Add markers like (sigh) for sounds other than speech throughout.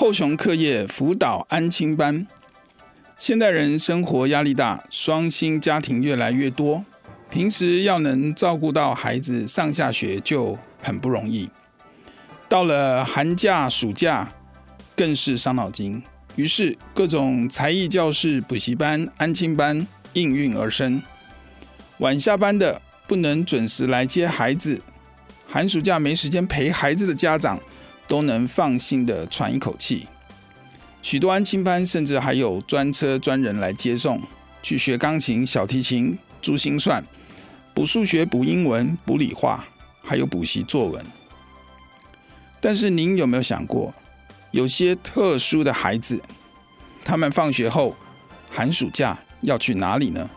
厚熊課業輔導安親班，現代人生活壓力大，雙薪家庭越來越多，平時要能照顧到孩子上下學就很不容易。到了寒假暑假，更是傷腦筋。於是，各種才藝教室、補習班、安親班應運而生。晚下班的不能準時來接孩子，寒暑假沒時間陪孩子的家長。都能放心的喘一口氣，許多安親班甚至還有專車專人來接送，去學鋼琴、小提琴、珠心算、補數學、補英文、補理化，還有補習作文。但是您有沒有想過，有些特殊的孩子，他們放學後、寒暑假要去哪裡呢？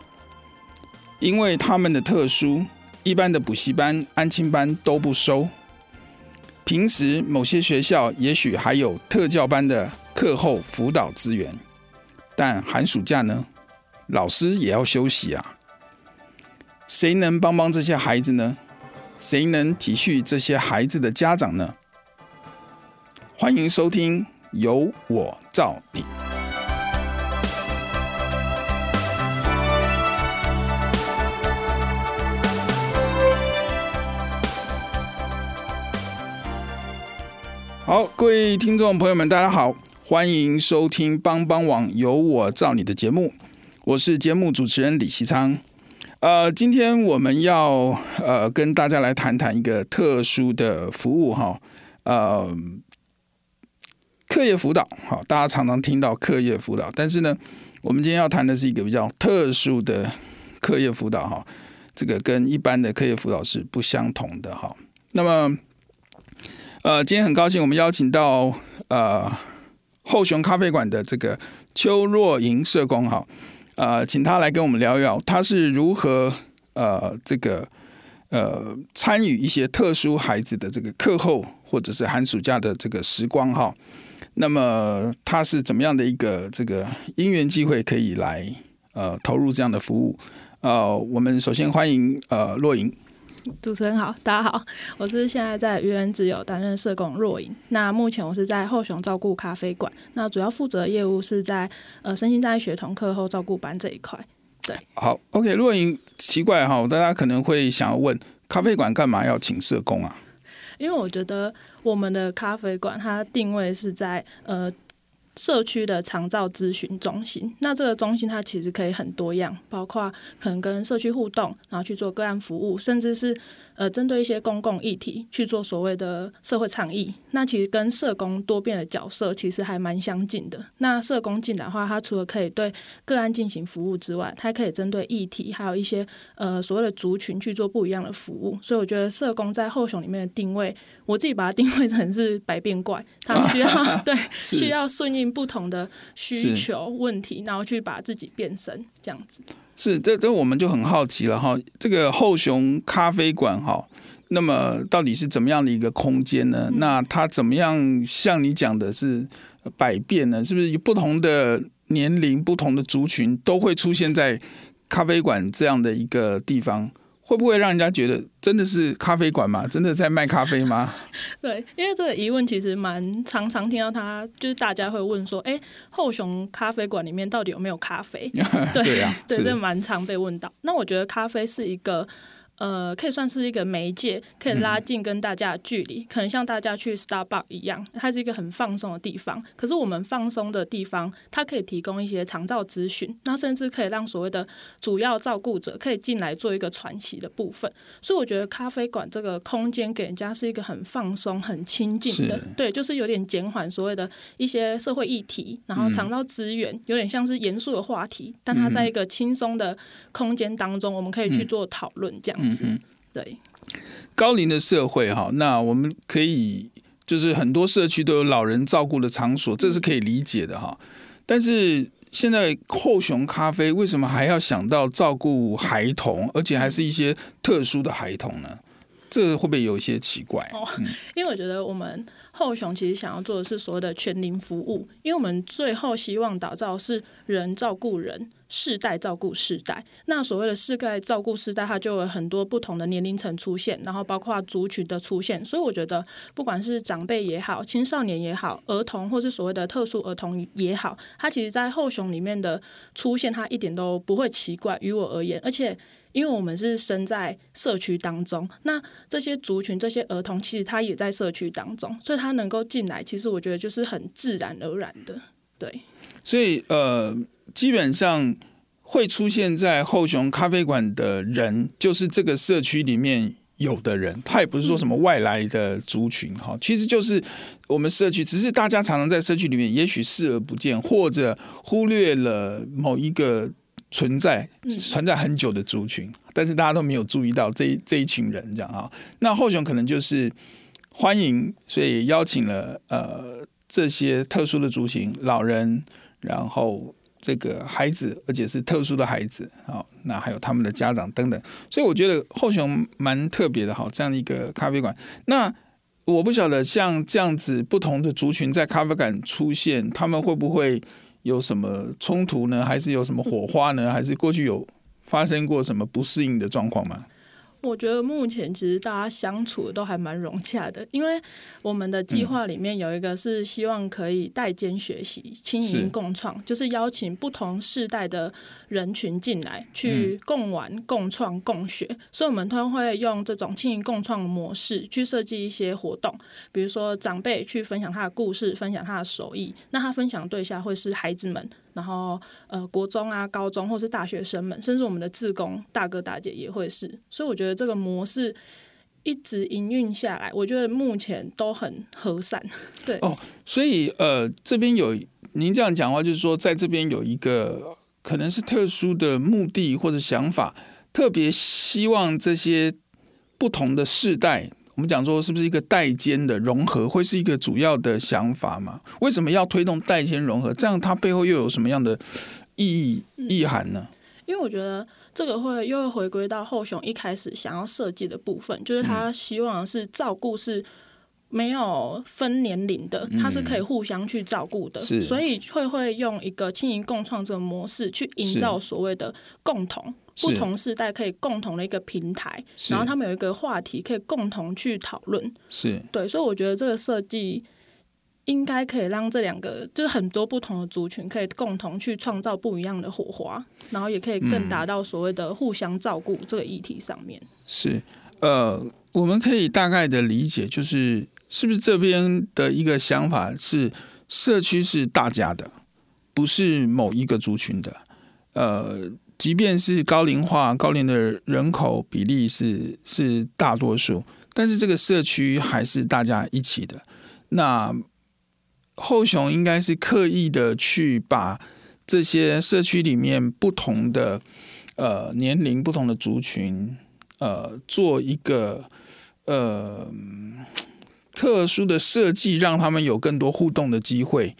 因為他們的特殊，一般的補習班、安親班都不收。平時某些學校也許還有特教班的課後輔導資源，但寒暑假呢？老師也要休息啊！誰能幫幫這些孩子呢？誰能體恤這些孩子的家長呢？歡迎收聽《有我照你》。好，各位聽眾朋友們，大家好，歡迎收聽幫幫網有我照你的節目，我是節目主持人李希昌。呃，今天我們要呃跟大家來談談一個特殊的服務哈、哦，呃，課業輔導。好、哦，大家常常聽到課業輔導，但是呢，我們今天要談的是一個比較特殊的課業輔導哈、哦，這個跟一般的課業輔導是不相同的哈、哦。那麼呃，今天很高興，我們邀請到呃厚熊咖啡館的這個邱若盈社工哈，呃，請他來跟我們聊聊，他是如何呃這個呃參與一些特殊孩子的這個課後或者是寒暑假的這個時光哈、哦。那麼他是怎麼樣的一個這個因緣機會可以來呃投入這樣的服務？呃，我們首先歡迎呃若盈。主持人好，大家好，我是現在在愚人之友擔任社工若盈。那目前我是在厚熊照顧咖啡館，那主要負責業務是在呃身心障礙學童課後照顧班這一塊。對，好，OK，若盈，奇怪哈、哦，大家可能會想要問，咖啡館幹嘛要請社工啊？因為我覺得我們的咖啡館它定位是在呃。社區的長照諮詢中心，那這個中心它其實可以很多樣，包括可能跟社區互動，然後去做個案服務，甚至是。呃，針對一些公共議題去做所謂的社會倡議，那其實跟社工多變的角色其實還蠻相近的。那社工進來的話，他除了可以對個案進行服務之外，他還可以針對議題，還有一些呃所謂的族群去做不一樣的服務。所以我覺得社工在厚熊裡面的定位，我自己把它定位成是百變怪，他需要、啊、哈哈對是需要順應不同的需求問題，是然後去把自己變身這樣子。是，這這我們就很好奇了哈，這個厚熊咖啡館哈，那麼到底是怎麼樣的一個空間呢？那它怎麼樣像你講的是百變呢？是不是有不同的年齡、不同的族群都會出現在咖啡館這樣的一個地方？會不會讓人家覺得真的是咖啡館嗎？真的在賣咖啡嗎？對，因為這個疑問其實蠻常常聽到他，他就是大家會問說：“哎，厚熊咖啡館裡面到底有沒有咖啡？”對 (laughs) 對啊、對，是這蠻常被問到。那我覺得咖啡是一個。呃，可以算是一個媒介，可以拉近跟大家的距離。嗯、可能像大家去 Starbucks 一樣，它是一個很放鬆的地方。可是我們放鬆的地方，它可以提供一些長照資訊，那甚至可以讓所謂的主要照顧者可以進來做一個喘息的部分。所以我覺得咖啡館這個空間給人家是一個很放鬆、很親近的。是對，就是有點減緩所謂的一些社會議題，然後長照資源、嗯、有點像是嚴肅的話題，但它在一個輕鬆的空間當中，嗯、我們可以去做討論這樣。嗯嗯嗯，對，高齡的社會哈，那我們可以就是很多社區都有老人照顧的場所，這是可以理解的哈。但是現在厚熊咖啡為什麼還要想到照顧孩童，而且還是一些特殊的孩童呢？這會不會有一些奇怪？哦，因為我覺得我們厚熊其實想要做的是所謂的全齡服務，因為我們最後希望打造的是人照顧人。世代照顧世代，那所謂的世代照顧世代，它就有很多不同的年齡層出現，然後包括族群的出現。所以我覺得，不管是長輩也好，青少年也好，兒童或是所謂的特殊兒童也好，它其實，在厚熊裡面的出現，它一點都不會奇怪。於我而言，而且因為我們是生在社區當中，那這些族群、這些兒童，其實他也在社區當中，所以他能夠進來，其實我覺得就是很自然而然的。對，所以呃。基本上會出現在厚熊咖啡館的人，就是這個社區裡面有的人，他也不是說什麼外來的族群哈，其實就是我們社區，只是大家常常在社區裡面，也許視而不見或者忽略了某一個存在存在很久的族群，但是大家都沒有注意到這這一群人這樣啊。那厚熊可能就是歡迎，所以邀請了呃這些特殊的族群，老人，然後。這個孩子，而且是特殊的孩子，好，那還有他們的家長等等，所以我覺得厚熊蠻特別的，好，這樣一個咖啡館。那我不曉得像這樣子不同的族群在咖啡館出現，他們會不會有什麼衝突呢？還是有什麼火花呢？還是過去有發生過什麼不適應的狀況嗎？我覺得目前其實大家相處都還蠻融洽的，因為我們的計劃裡面有一個是希望可以代間學習、輕、嗯、盈共創，是就是邀請不同世代的人群進來去共玩、共創、共學。嗯、所以，我們通常會用這種輕盈共創的模式去設計一些活動，比如說長輩去分享他的故事、分享他的手藝，那他分享對象會是孩子們。然後，呃，國中啊、高中或是大學生們，甚至我們的志工大哥大姐，也會是，所以我覺得這個模式一直營運下來，我覺得目前都很和善，對。哦，所以呃，這邊有您這樣講話，就是說在這邊有一個可能是特殊的目的或者想法，特別希望這些不同的世代。我們講說，是不是一個代間的融合會是一個主要的想法嘛？為什麼要推動代間融合？這樣它背後又有什麼樣的意義、嗯、意涵呢？因為我覺得這個會又會回歸到厚熊一開始想要設計的部分，就是他希望是照顧是。嗯沒有分年齡的，它是可以互相去照顧的，嗯、所以會會用一個青銀共創這個模式去營造所謂的共同是不同世代可以共同的一個平台，是然後他們有一個話題可以共同去討論，是對，所以我覺得這個設計應該可以讓這兩個就是很多不同的族群可以共同去創造不一樣的火花，然後也可以更達到所謂的互相照顧這個議題上面。是，呃，我們可以大概的理解就是。是不是這邊的一個想法是，社區是大家的，不是某一個族群的。呃，即便是高齡化，高齡的人口比例是是大多數，但是這個社區還是大家一起的。那厚熊應該是刻意的去把這些社區裡面不同的呃年齡、不同的族群呃做一個呃。特殊的設計讓他們有更多互動的機會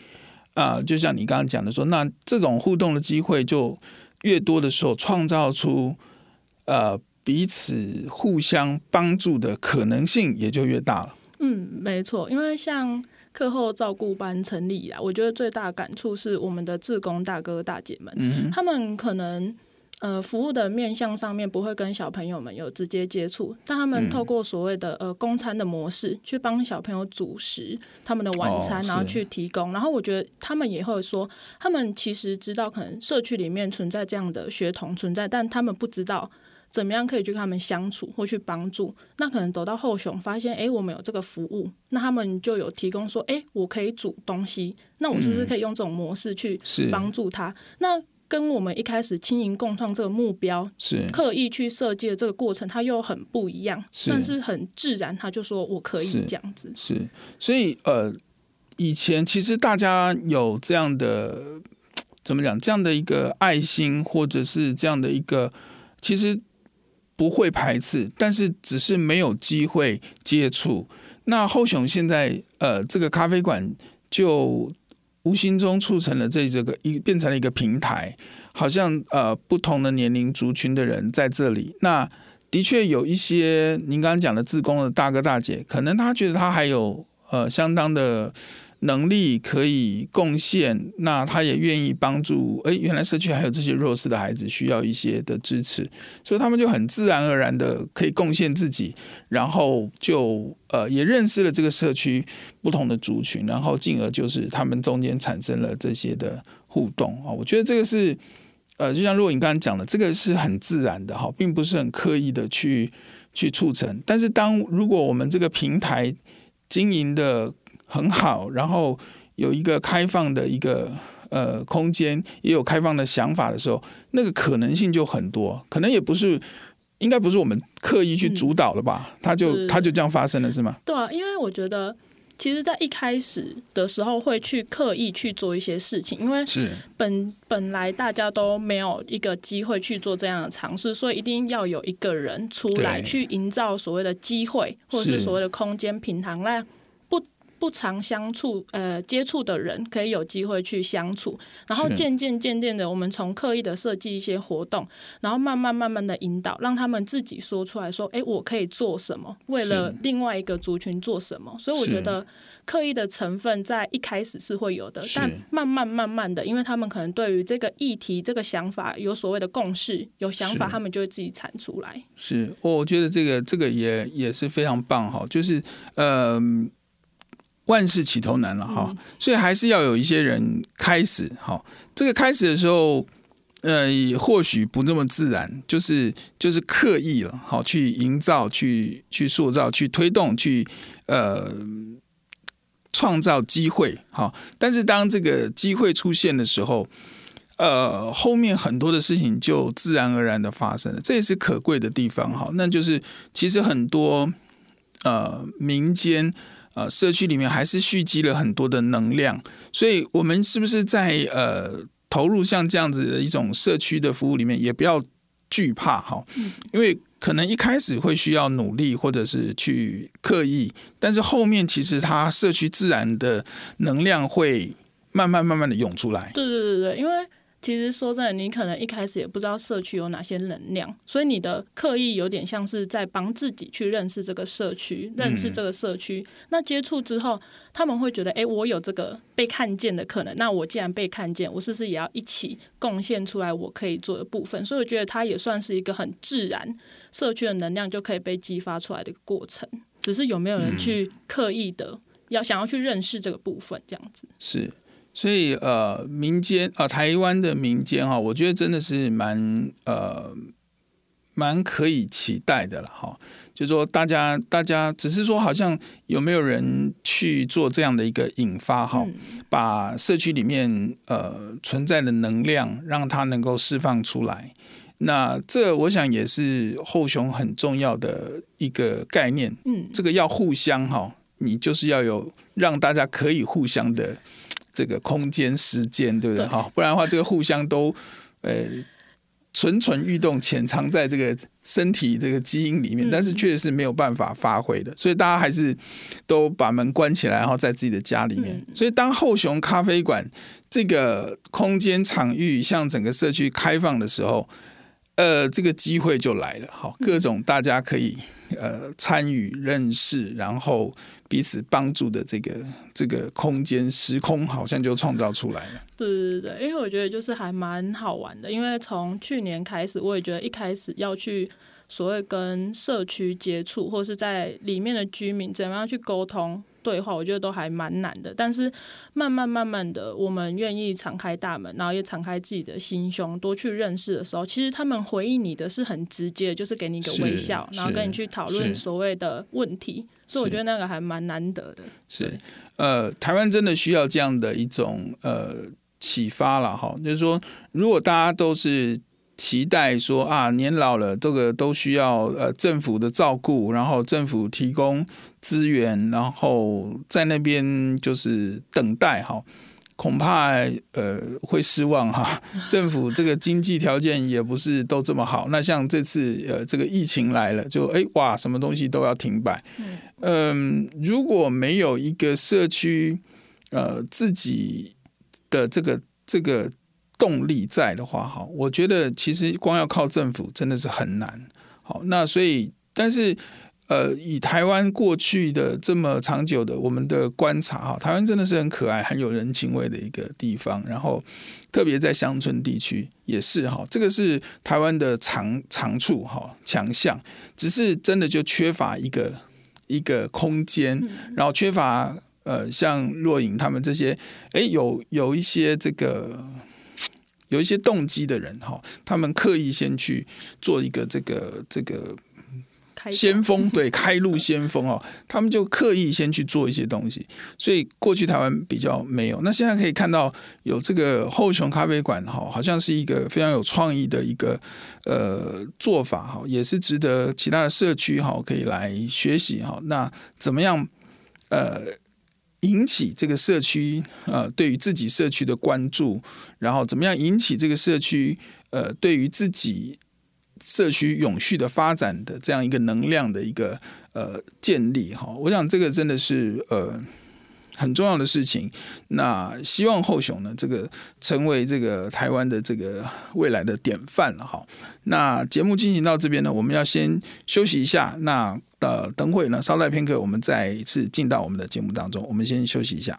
啊、呃，就像你剛剛講的說，那這種互動的機會就越多的時候，創造出呃彼此互相幫助的可能性也就越大了。嗯，沒錯，因為像課後照顧班成立以來，我覺得最大的感觸是我們的志工大哥大姐們，嗯，他們可能。呃，服務的面向上面不會跟小朋友們有直接接觸，但他們透過所謂的、嗯、呃供餐的模式去幫小朋友煮食他們的晚餐，哦、然後去提供。然後我覺得他們也會說，他們其實知道可能社區裡面存在這樣的學童存在，但他們不知道怎麼樣可以去跟他們相處或去幫助。那可能走到厚熊發現，哎、欸，我們有這個服務，那他們就有提供說，哎、欸，我可以煮東西，那我是不是可以用這種模式去幫助他？嗯、那。跟我們一開始若盈共創這個目標是刻意去設計的這個過程，它又很不一樣，但是，是很自然。他就說我可以這樣子，是，是，所以呃，以前其實大家有這樣的怎麼講，這樣的一個愛心，或者是這樣的一個，其實不會排斥，但是只是沒有機會接觸。那厚熊現在呃，這個咖啡館就。無形中促成了這這個一變成了一個平台，好像呃不同的年齡族群的人在這裡，那的確有一些您剛剛講的志工的大哥大姐，可能他覺得他還有呃相當的。能力可以貢獻，那他也願意幫助。哎、欸，原來社區還有這些弱勢的孩子需要一些的支持，所以他們就很自然而然的可以貢獻自己，然後就呃也認識了這個社區不同的族群，然後進而就是他們中間產生了這些的互動啊。我覺得這個是呃，就像若盈剛剛講的，這個是很自然的哈，並不是很刻意的去去促成。但是當如果我們這個平台經營的，很好，然後有一個開放的一個呃空間，也有開放的想法的時候，那個可能性就很多。可能也不是應該不是我們刻意去主導的吧？他、嗯、就他是就這樣發生了，是嗎？對啊，因為我覺得其實，在一開始的時候會去刻意去做一些事情，因為本是本本來大家都沒有一個機會去做這樣的嘗試，所以一定要有一個人出來去營造所謂的機會，對或者是所謂的空間平衡。嘞是。那不常相處、呃接觸的人，可以有機會去相處，然後漸漸、漸、漸漸的，我們從刻意的設計一些活動，然後慢慢、慢慢的引導，讓他們自己說出來說：“誒，我可以做什麼？為了另外一個族群做什麼？”所以我覺得刻意的成分在一開始是會有的，是但慢慢、慢慢的，因為他們可能對於這個議題、這個想法有所謂的共識、有想法，他們就會自己產出來。是，我覺得這個、這個也也是非常棒哈，就是，嗯、呃。萬事起頭難了哈、嗯哦，所以還是要有一些人開始哈、哦。這個開始的時候，呃，或許不那麼自然，就是就是刻意了哈、哦，去營造、去去塑造、去推動、去呃創造機會哈、哦。但是當這個機會出現的時候，呃，後面很多的事情就自然而然的發生了，這也是可貴的地方哈、哦。那就是其實很多呃民間。呃，社區裡面還是蓄積了很多的能量，所以我們是不是在呃投入像這樣子的一種社區的服務裡面，也不要懼怕哈，因為可能一開始會需要努力或者是去刻意，但是後面其實它社區自然的能量會慢慢慢慢的湧出來。對對對對，因為。其實說真的，你可能一開始也不知道社區有哪些能量，所以你的刻意有點像是在幫自己去認識這個社區，認識這個社區。嗯、那接觸之後，他們會覺得，哎，我有這個被看見的可能，那我既然被看見，我是不是也要一起貢獻出來我可以做的部分？所以我覺得它也算是一個很自然，社區的能量就可以被激發出來的一個過程，只是有沒有人去刻意的要、嗯、想要去認識這個部分，這樣子是。所以呃，民間啊、呃，臺灣的民間哈，我覺得真的是蠻呃，蠻可以期待的了哈。就說大家，大家只是說，好像有沒有人去做這樣的一個引發哈，嗯、把社區裡面呃存在的能量，讓它能夠釋放出來。那這我想也是厚熊很重要的一個概念。嗯，這個要互相哈、哦，你就是要有讓大家可以互相的。這個空間、時間，對不對？哈對、哦，不然的話，這個互相都，呃，蠢蠢欲動，潛藏在這個身體、這個基因裡面，但是確實是沒有辦法發揮的。嗯、所以大家還是都把門關起來，然後在自己的家裡面。嗯、所以當厚熊咖啡館這個空間場域向整個社區開放的時候，呃，這個機會就來了。好、哦，各種大家可以。呃，參與、認識，然後彼此幫助的這個這個空間、時空，好像就創造出來了。對對對，因為我覺得就是還蠻好玩的。因為從去年開始，我也覺得一開始要去所謂跟社區接觸，或是在裡面的居民怎麼樣去溝通。對話我覺得都還蠻難的，但是慢慢慢慢的，我們願意敞開大門，然後也敞開自己的心胸，多去認識的時候，其實他們回應你的是很直接，就是給你一個微笑，是然後跟你去討論所謂的問題，是所以我覺得那個還蠻難得的。是，對是，呃，台灣真的需要這樣的一種呃啟發了哈，就是說，如果大家都是。期待說啊，年老了這個都需要呃政府的照顧，然後政府提供資源，然後在那邊就是等待哈，恐怕呃會失望哈。政府這個經濟條件也不是都這麼好，那像這次呃這個疫情來了，就哎哇，什麼東西都要停擺。嗯，如果沒有一個社區呃自己的這個這個。動力在的話，哈，我覺得其實光要靠政府真的是很難。好，那所以，但是，呃，以台灣過去的這麼長久的我們的觀察，哈，台灣真的是很可愛、很有人情味的一個地方。然後，特別在鄉村地區也是哈，這個是台灣的長長處，哈，強項。只是真的就缺乏一個一個空間，然後缺乏呃，像若盈他們這些，誒，有有一些這個。有一些動機的人哈，他們刻意先去做一個這個這個先鋒，對，開路先鋒哦，他們就刻意先去做一些東西。所以過去台灣比較沒有，那現在可以看到有這個厚熊咖啡館哈，好像是一個非常有創意的一個呃做法哈，也是值得其他的社區哈可以來學習哈。那怎麼樣呃？引起這個社區呃，對於自己社區的關注，然後怎麼樣引起這個社區呃，對於自己社區永續的發展的這樣一個能量的一個呃建立哈、哦，我想這個真的是呃很重要的事情。那希望厚熊呢，這個成為這個臺灣的這個未來的典範了哈。那節目進行到這邊呢，我們要先休息一下。那。呃，等會呢，稍待片刻，我們再一次進到我們的節目當中。我們先休息一下。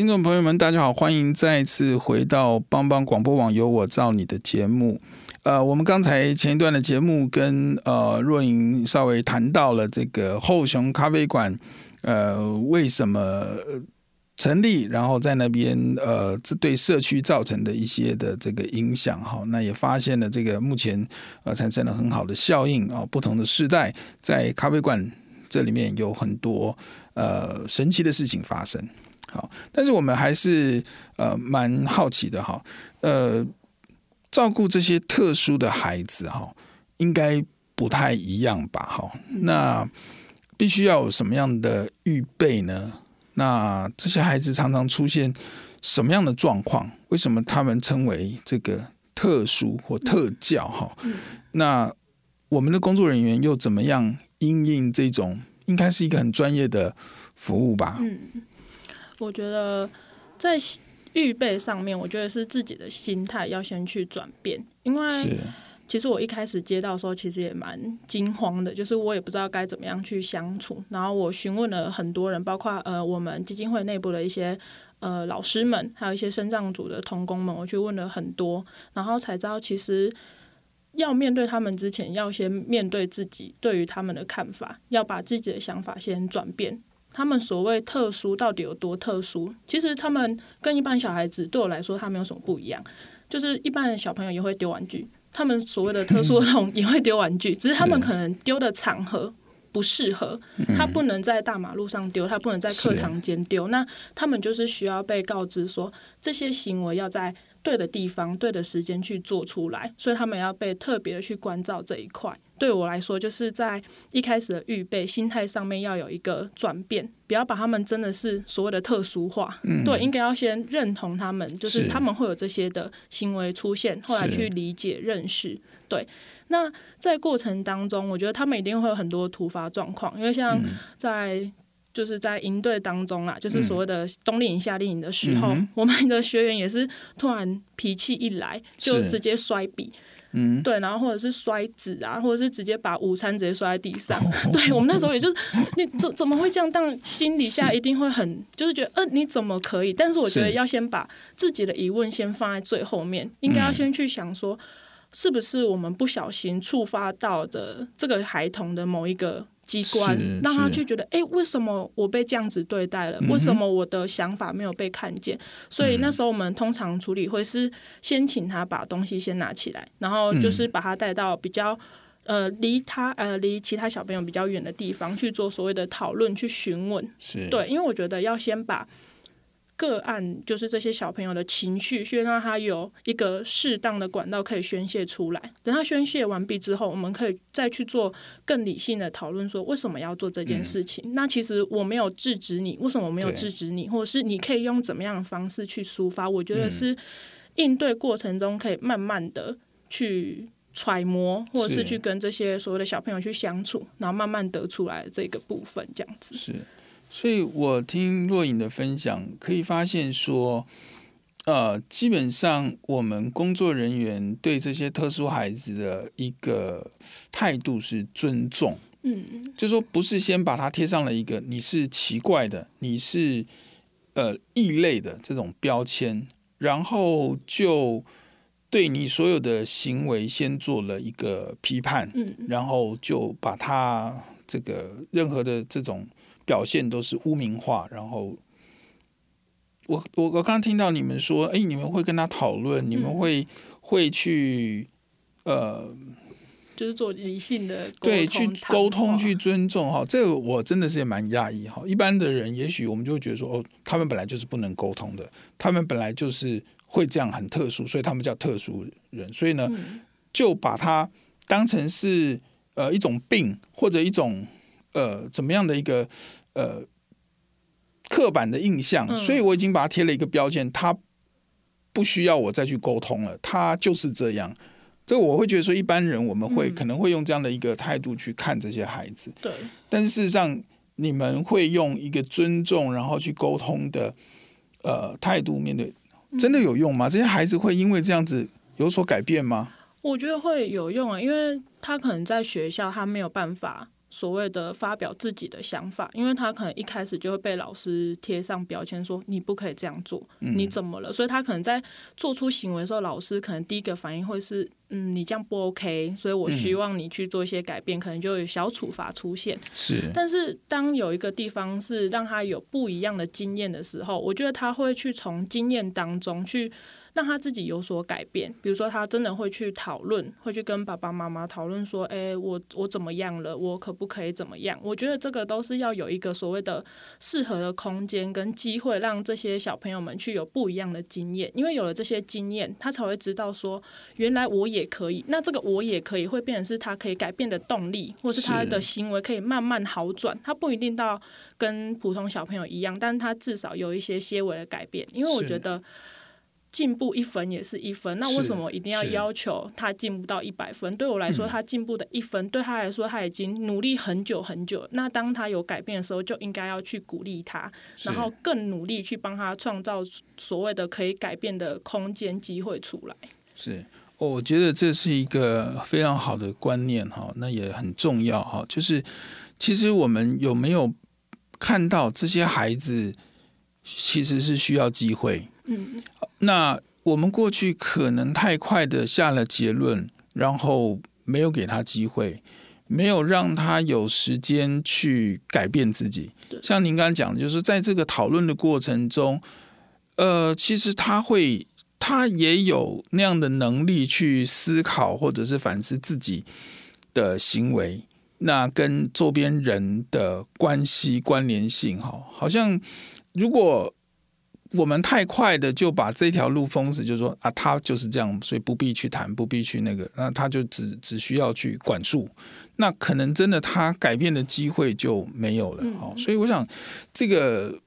聽眾朋友們，大家好，歡迎再次回到幫幫廣播網，有我照你的節目。呃，我們剛才前一段的節目跟呃若盈稍微談到了這個厚熊咖啡館，呃，為什麼成立，然後在那邊呃，這對社區造成的一些的這個影響哈、哦，那也發現了這個目前呃產生了很好的效應啊、哦。不同的世代在咖啡館這裡面有很多呃神奇的事情發生。但是我們還是呃蠻好奇的哈，呃，照顧這些特殊的孩子哈，應該不太一樣吧哈？那必須要有什麼樣的預備呢？那這些孩子常常出現什麼樣的狀況？為什麼他們稱為這個特殊或特教哈？那我們的工作人員又怎麼樣因應這種？應該是一個很專業的服務吧？嗯我覺得在預備上面，我覺得是自己的心態要先去轉變，因為其實我一開始接到的時候，其實也蠻驚慌的，就是我也不知道該怎麼樣去相處。然後我詢問了很多人，包括呃我們基金會內部的一些呃老師們，還有一些身障組的同工們，我去問了很多，然後才知道其實要面對他們之前，要先面對自己對於他們的看法，要把自己的想法先轉變。他們所謂特殊到底有多特殊？其實他們跟一般小孩子對我來說，他沒有什麼不一樣。就是一般的小朋友也會丟玩具，他們所謂的特殊兒童也會丟玩具，只是他們可能丟的場合不適合，他不能在大馬路上丟，他不能在課堂間丟。那他們就是需要被告知說，這些行為要在對的地方、對的時間去做出來，所以他們要被特別的去關照這一塊。對我來說，就是在一開始的預備心態上面要有一個轉變，不要把他們真的是所謂的特殊化。嗯、對，應該要先認同他們，是、就是他們會有這些的行為出現，後來去理解認識。是、對，那在過程當中，我覺得他們一定會有很多突發狀況，因為像在、嗯、就是在營隊當中啊，就是所謂的冬令營、夏令營的時候，嗯、我們的學員也是突然脾氣一來就直接摔筆。嗯，對，然後或者是摔紙啊，或者是直接把午餐直接摔在地上。哦哦哦哦。 (laughs) 對，我們那時候也就，是你怎怎麼會這樣？但心底下一定會很，就是覺得，嗯、呃，你怎麼可以？但是我覺得要先把自己的疑問先放在最後面，是應該要先去想說，嗯、是不是我們不小心觸發到的這個孩童的某一個。機關讓他去覺得，哎是，為什麼我被這樣子對待了？嗯、哼為什麼我的想法沒有被看見？所以那時候我們通常處理會是先請他把東西先拿起來，然後就是把他帶到比較呃離他呃離其他小朋友比較遠的地方去做所謂的討論、去詢問。是對，因為我覺得要先把。個案就是這些小朋友的情緒，需要讓他有一個適當的管道可以宣洩出來。等他宣洩完畢之後，我們可以再去做更理性的討論，說為什麼要做這件事情。嗯、那其實我沒有制止你，為什麼我沒有制止你，對或者是你可以用怎麼樣的方式去抒發？我覺得是應對過程中可以慢慢的去揣摩，嗯、或者是去跟這些所謂的小朋友去相處，是然後慢慢得出來的這個部分，這樣子是。所以我聽若盈的分享，可以發現說，呃，基本上我們工作人員對這些特殊孩子的一個態度是尊重，嗯，就說不是先把它貼上了一個你是奇怪的，你是呃異類的這種標籤，然後就對你所有的行為先做了一個批判，嗯，然後就把他這個任何的這種。表現都是污名化，然後我我我剛聽到你們說，哎、欸，你們會跟他討論，嗯、你們會會去呃，就是做理性的對，去溝通話去尊重哈，這個我真的是也蠻訝異哈。一般的人，也許我們就會覺得說，哦，他們本來就是不能溝通的，他們本來就是會這樣很特殊，所以他們叫特殊人，所以呢，就把他當成是呃一種病或者一種呃怎麼樣的一個。呃，刻板的印象，嗯、所以我已經把它貼了一個標籤，它不需要我再去溝通了，它就是這樣。這我會覺得說，一般人我們會、嗯、可能會用這樣的一個態度去看這些孩子，對。但是事實上，你們會用一個尊重然後去溝通的呃態度面對，真的有用嗎？嗯、這些孩子會因為這樣子有所改變嗎？我覺得會有用啊，因為他可能在學校他沒有辦法。所謂的發表自己的想法，因為他可能一開始就會被老師貼上標籤，說你不可以這樣做，你怎麼了？嗯、所以他可能在做出行為的時候，老師可能第一個反應會是，嗯，你這樣不 OK，所以我希望你去做一些改變，嗯、可能就有小處罰出現。是，但是當有一個地方是讓他有不一樣的經驗的時候，我覺得他會去從經驗當中去。讓他自己有所改變，比如說他真的會去討論，會去跟爸爸媽媽討論說：“欸，我我怎麼樣了？我可不可以怎麼樣？”我覺得這個都是要有一個所謂的適合的空間跟機會，讓這些小朋友們去有不一樣的經驗。因為有了這些經驗，他才會知道說：“原來我也可以。”那這個我也可以會變成是他可以改變的動力，或是他的行為可以慢慢好轉。他不一定到跟普通小朋友一樣，但是他至少有一些些微的改變。因為我覺得。進步一分也是一分，那為什麼一定要要求他進步到一百分？對我來說，他進步的一分、嗯、對他來說，他已經努力很久很久。那當他有改變的時候，就應該要去鼓勵他，是然後更努力去幫他創造所謂的可以改變的空間、機會出來。是，我覺得這是一個非常好的觀念哈，那也很重要哈。就是其實我們有沒有看到這些孩子其實是需要機會？那我們過去可能太快的下了結論，然後沒有給他機會，沒有讓他有時間去改變自己。像您剛剛講的，就是在這個討論的過程中，呃，其實他會，他也有那樣的能力去思考，或者是反思自己的行為，那跟周邊人的關係關聯性哈，好像如果。我們太快的就把這條路封死，就是說啊，他就是這樣，所以不必去談，不必去那個，那他就只只需要去管束，那可能真的他改變的機會就沒有了。好、嗯，所以我想這個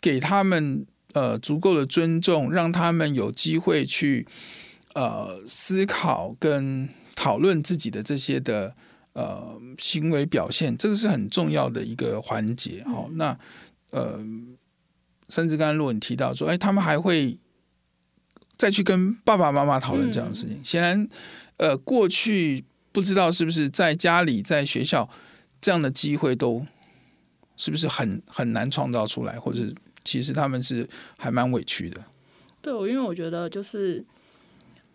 給他們呃足夠的尊重，讓他們有機會去呃思考跟討論自己的這些的呃行為表現，這個是很重要的一個環節。好、嗯哦，那呃。甚至剛剛若盈提到說，哎，他們還會再去跟爸爸媽媽討論這樣的事情。嗯、顯然，呃，過去不知道是不是在家裡、在學校這樣的機會都是不是很很難創造出來，或者是其實他們是還蠻委屈的。對，我因為我覺得就是。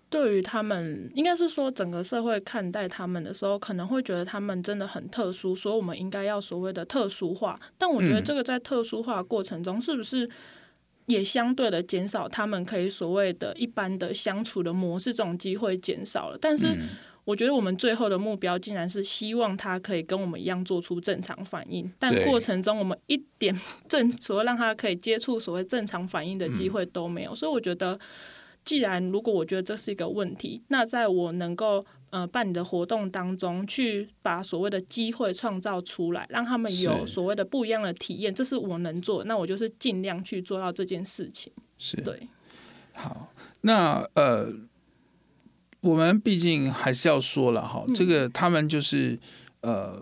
對於他們，應該是說整個社會看待他們的時候，可能會覺得他們真的很特殊，所以我們應該要所謂的特殊化。但我覺得這個在特殊化過程中，是不是也相對的減少他們可以所謂的一般的相處的模式這種機會減少了？但是我覺得我們最後的目標，竟然是希望他可以跟我們一樣做出正常反應，但過程中我們一點正所謂讓他可以接觸所謂正常反應的機會都沒有，所以我覺得。既然如果我覺得這是一個問題，那在我能夠呃辦理的活動當中，去把所謂的機會創造出來，讓他們有所謂的不一樣的體驗，是這是我能做，那我就是盡量去做到這件事情。是，對。好，那呃，我們畢竟還是要說了哈，這個他們就是呃。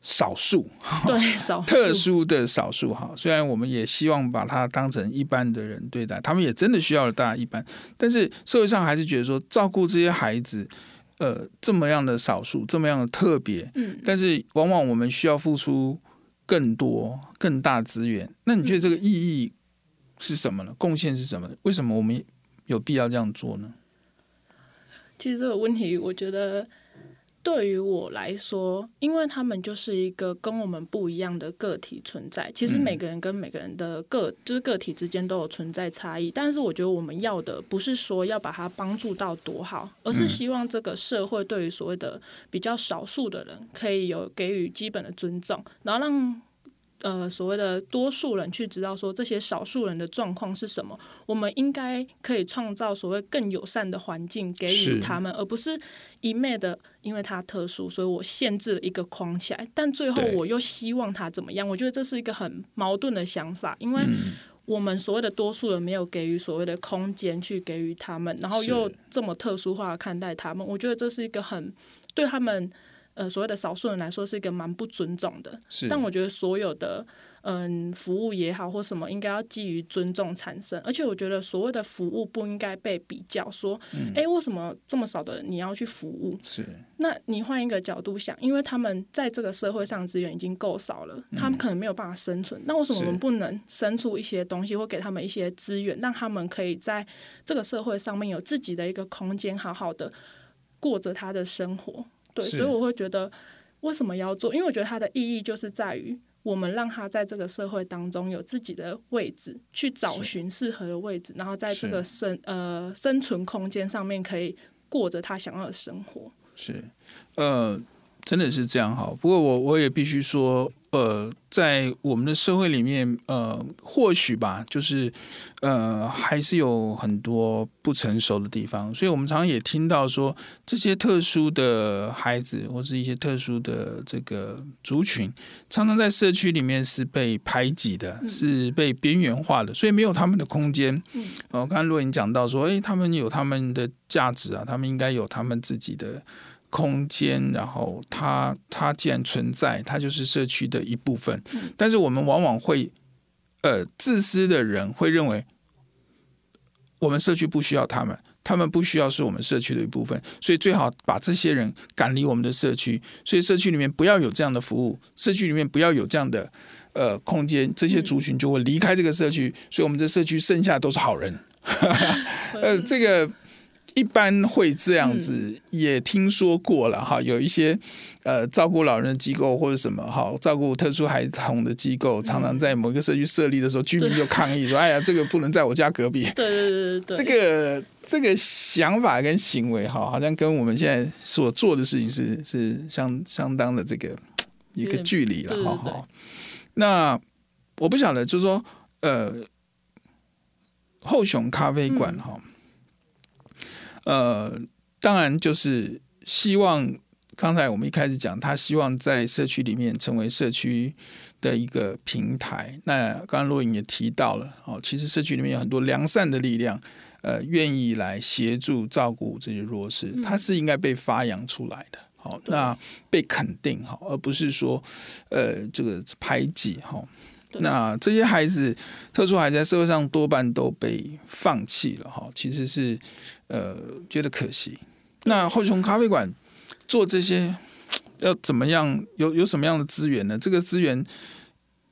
少數對少數特殊的少數哈，雖然我們也希望把它當成一般的人對待，他們也真的需要大家一般，但是社會上還是覺得說照顧這些孩子，呃，這麼樣的少數，這麼樣的特別，嗯，但是往往我們需要付出更多、更大資源。那你覺得這個意義是什麼呢？貢獻是什麼呢？為什麼我們有必要這樣做呢？其實這個問題，我覺得。對於我來說，因為他們就是一個跟我們不一樣的個體存在。其實每個人跟每個人的個，就是個體之間都有存在差異。但是我覺得我們要的不是說要把他幫助到多好，而是希望這個社會對於所謂的比較少數的人可以有給予基本的尊重，然後讓。呃，所謂的多數人去知道說這些少數人的狀況是什麼，我們應該可以創造所謂更友善的環境給予他們，是而不是一昧的，因為他特殊，所以我限制了一個框起來，但最後我又希望他怎麼樣？對我覺得這是一個很矛盾的想法，因為我們所謂的多數人沒有給予所謂的空間去給予他們，然後又這麼特殊化看待他們，我覺得這是一個很對他們。呃，所謂的少數人來說是一個蠻不尊重的，是但我覺得所有的嗯、呃、服務也好或什麼，應該要基於尊重產生。而且我覺得所謂的服務不應該被比較，說，哎、嗯，為什麼這麼少的人你要去服務？是。那你換一個角度想，因為他們在這個社會上資源已經夠少了，他們可能沒有辦法生存。嗯、那為什麼我們不能生出一些東西，或給他們一些資源，是讓他們可以在這個社會上面有自己的一個空間，好好的過着他的生活？對，是所以我會覺得，為什麼要做？因為我覺得它的意義就是在於，我們讓他在這個社會當中有自己的位置，去找尋適合的位置，是然後在這個生呃生存空間上面，可以過着他想要的生活。是，呃，真的是這樣好，不過我我也必須說。呃，在我們的社會裡面，呃，或許吧，就是呃，還是有很多不成熟的地方，所以，我們常常也聽到說，這些特殊的孩子或是一些特殊的這個族群，常常在社區裡面是被排擠的，嗯、是被邊緣化的，所以沒有他們的空間。哦、嗯，剛剛若盈講到說，誒，他們有他們的價值啊，他們應該有他們自己的。空間，然後它它既然存在，它就是社區的一部分。嗯、但是我們往往會，呃，自私的人會認為，我們社區不需要他們，他們不需要是我們社區的一部分，所以最好把這些人趕離我們的社區。所以社區裡面不要有這樣的服務，社區裡面不要有這樣的呃空間，這些族群就會離開這個社區。嗯、所以我們的社區剩下都是好人。 (laughs) 呃， (laughs) 嗯、這個。一般會這樣子，嗯、也聽說過了哈。有一些呃照顧老人的機構或者什麼哈，照顧特殊孩童的機構，嗯、常常在某一個社區設立的時候，對居民就抗議說：“哎呀，這個不能在我家隔壁。”對對對，對，對這個對這個想法跟行為哈，好像跟我們現在所做的事情是是相相當的這個一個距離了哈。那我不曉得，就是、說呃，厚熊咖啡館哈。嗯呃，當然就是希望。剛才我們一開始講，他希望在社區裡面成為社區的一個平台。那剛剛若盈也提到了，哦，其實社區裡面有很多良善的力量，呃，願意來協助照顧這些弱勢，他是應該被發揚出來的。好、嗯哦，那被肯定，好，而不是說，呃，這個排擠，哈、哦。對那這些孩子，特殊孩子在社會上多半都被放棄了，哈。其實是。呃，覺得可惜。那厚熊咖啡館做這些要怎麼樣？有有什麼樣的資源呢？這個資源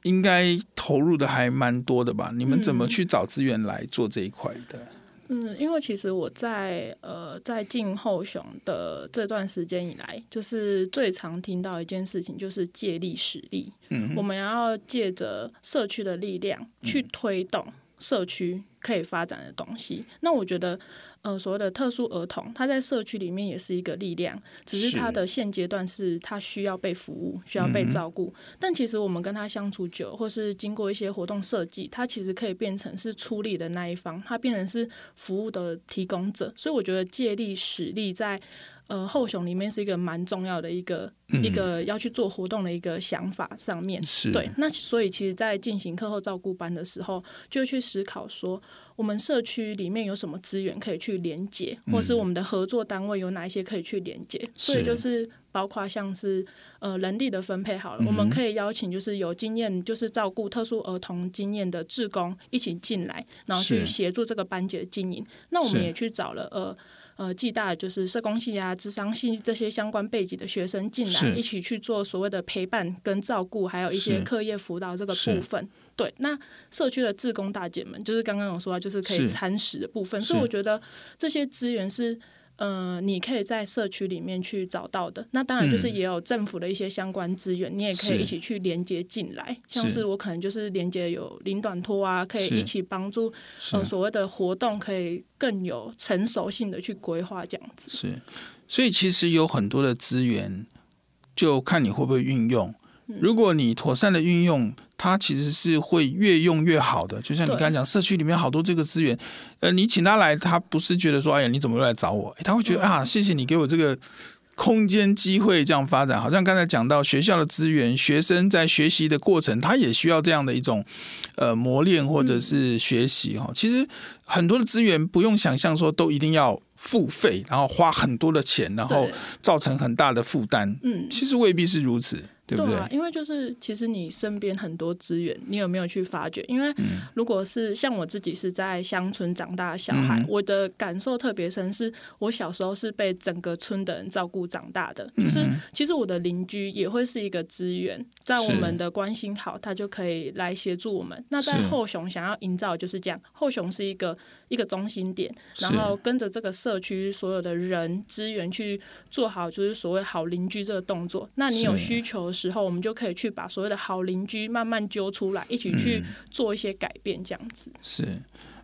應該投入的還蠻多的吧？你們怎麼去找資源來做這一塊的？嗯，因為其實我在呃在進厚熊的這段時間以來，就是最常聽到一件事情，就是借力使力。嗯哼，我們要借着社區的力量去推動社區可以發展的東西。嗯、那我覺得。呃，所謂的特殊兒童，他在社區裡面也是一個力量，只是他的現階段是他需要被服務、需要被照顧。是但其實我們跟他相處久，或是經過一些活動設計，他其實可以變成是出力的那一方，他變成是服務的提供者。所以我覺得借力使力在。呃，厚熊裡面是一個蠻重要的一個、嗯、一個要去做活動的一個想法上面，是對，那所以其實，在進行課後照顧班的時候，就去思考說，我們社區裡面有什麼資源可以去連接，嗯、或是我們的合作單位有哪一些可以去連接，是所以就是包括像是呃人力的分配好了，嗯、我們可以邀請就是有經驗，就是照顧特殊兒童經驗的志工一起進來，然後去協助這個班級的經營，是那我們也去找了呃。呃，暨大就是社工系啊、諮商系這些相關背景的學生進來，一起去做所謂的陪伴跟照顧，還有一些課業輔導這個部分。對，那社區的志工大姐們，就是剛剛我說的，就是可以餐食的部分。所以我覺得這些資源是。嗯、呃，你可以在社區裡面去找到的。那當然就是也有政府的一些相關資源，嗯、你也可以一起去連接進來。是像是我可能就是連接有零短托啊，可以一起幫助是呃所謂的活動可以更有成熟性的去規劃這樣子。是，所以其實有很多的資源，就看你會不會運用。如果你妥善的運用，它其實是會越用越好的。就像你剛才講，對社區裡面好多這個資源，呃，你請他來，他不是覺得說“哎呀，你怎麼又來找我？”哎，他會覺得啊，謝謝你給我這個空間機會，這樣發展。好像剛才講到學校的資源，學生在學習的過程，他也需要這樣的一種呃磨練或者是學習哈。嗯，其實很多的資源不用想象說都一定要付費，然後花很多的錢，然後造成很大的負擔。嗯對，其實未必是如此。對，對，對啊，因為就是其實你身邊很多資源，你有沒有去發掘？因為如果是像我自己是在鄉村長大的小孩，嗯、我的感受特別深，是我小時候是被整個村的人照顧長大的，嗯、就是其實我的鄰居也會是一個資源，在我們的關心好，他就可以來協助我們。那在厚熊想要營造就是這樣，厚熊是一個。一個中心點，然後跟着這個社區所有的人資源去做好，就是所謂好鄰居這個動作。那你有需求的時候，是我們就可以去把所謂的好鄰居慢慢揪出來，一起去做一些改變，嗯、這樣子。是，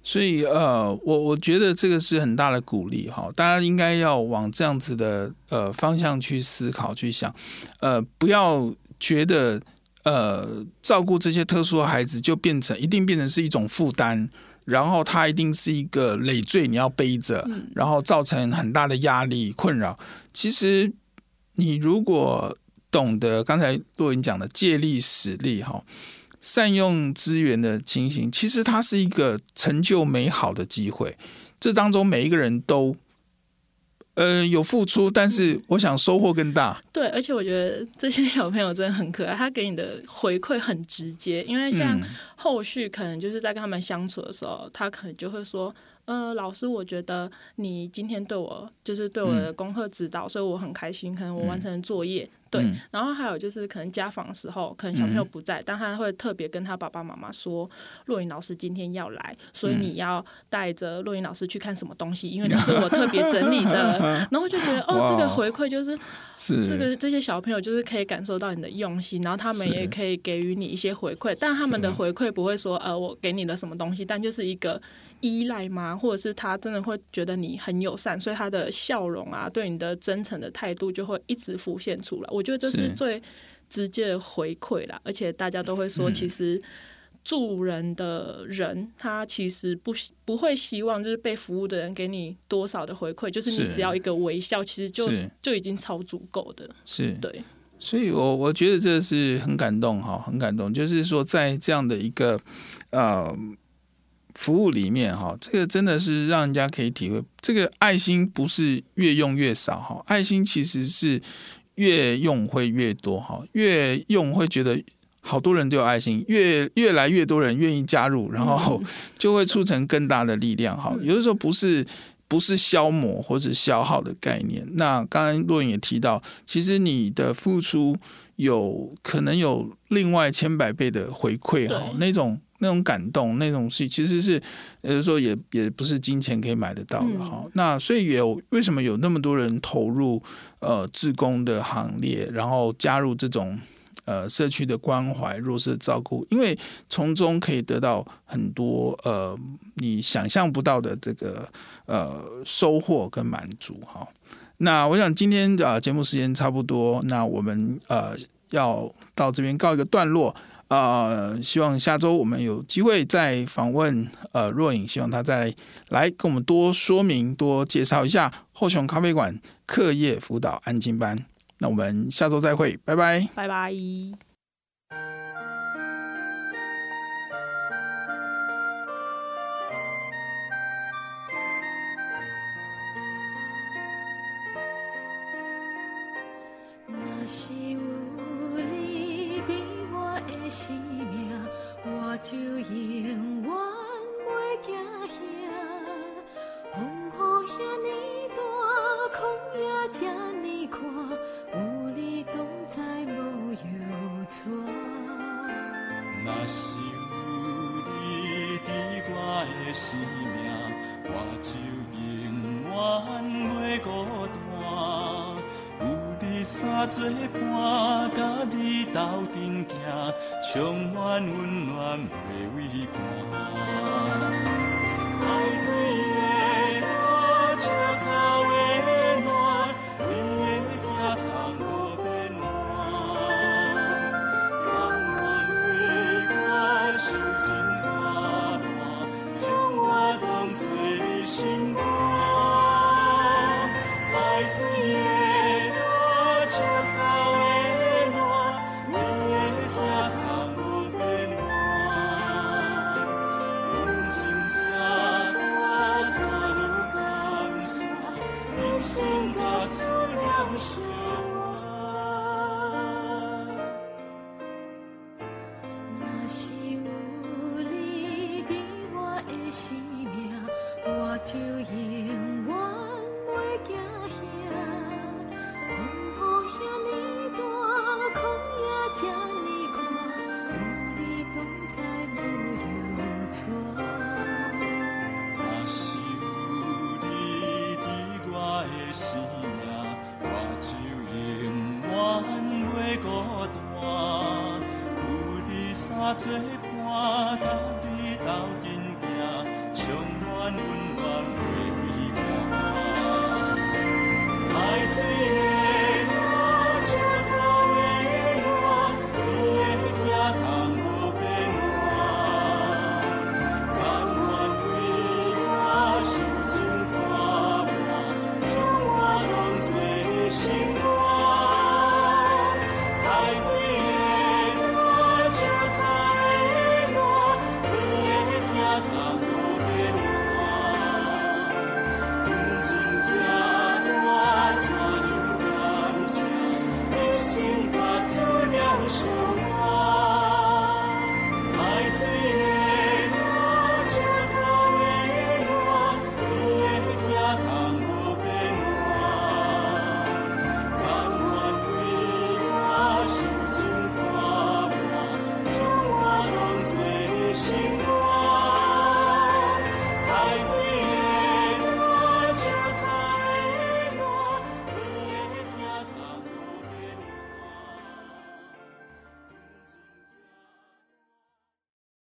所以呃，我我覺得這個是很大的鼓勵哈，大家應該要往這樣子的呃方向去思考去想，呃，不要覺得呃照顧這些特殊的孩子就變成一定變成是一種負擔。然後它，一定是一個累贅，你要背着，然後造成很大的壓力困擾。其實你如果懂得剛才若盈講的借力使力，哈，善用資源的情形，其實它是一個成就美好的機會。這當中每一個人都。呃，有付出，但是我想收穫更大。對，而且我覺得這些小朋友真的很可愛，他給你的回饋很直接，因為像後續可能就是在跟他們相處的時候，他可能就會說：“呃，老師，我覺得你今天對我就是對我的功課指導，嗯，所以我很開心，可能我完成作業。嗯。”對，嗯、然後還有就是可能家訪的時候，可能小朋友不在，嗯、但他會特別跟他爸爸媽媽說：“若盈、嗯、老師今天要來，所以你要帶着若盈老師去看什麼東西，嗯、因為這是我特別整理的。” (laughs) 然後就覺得哦，哇這個回饋就是，是這個這些小朋友就是可以感受到你的用心，然後他們也可以給予你一些回饋，是但他們的回饋不會說嗎呃我給你的什麼東西，但就是一個。依賴嗎？或者是他真的會覺得你很友善，所以他的笑容啊，對你的真誠的態度就會一直浮現出來。我覺得這是最直接的回饋啦。是而且大家都會說，其實助人的人、嗯、他其實不不會希望就是被服務的人給你多少的回饋，就是你只要一個微笑，其實就是就已經超足夠的是對。所以我我覺得這是很感動哈，很感動。就是說，在這樣的一個呃。服務裡面哈，這個真的是讓人家可以體會，這個愛心不是越用越少哈，愛心其實是越用會越多哈，越用會覺得好多人都有愛心，越越來越多人願意加入，然後就會促成更大的力量哈。有的時候不是不是消磨或者消耗的概念。那剛剛若盈也提到，其實你的付出有可能有另外千百倍的回饋哈，那種。那種感動，那種事其實是，也就是說也，也也不是金錢可以買得到的哈、嗯。那所以有為什麼有那麼多人投入呃，志工的行列，然後加入這種呃社區的關懷、弱勢照顧，因為從中可以得到很多呃你想象不到的這個呃收穫跟滿足哈。那我想今天的、呃、節目時間差不多，那我們呃要到這邊告一個段落。啊、呃，希望下週我們有機會再訪問呃若盈，希望他再來跟我們多說明、多介紹一下厚熊咖啡館課業輔導安親班。那我們下週再會，拜拜，拜拜。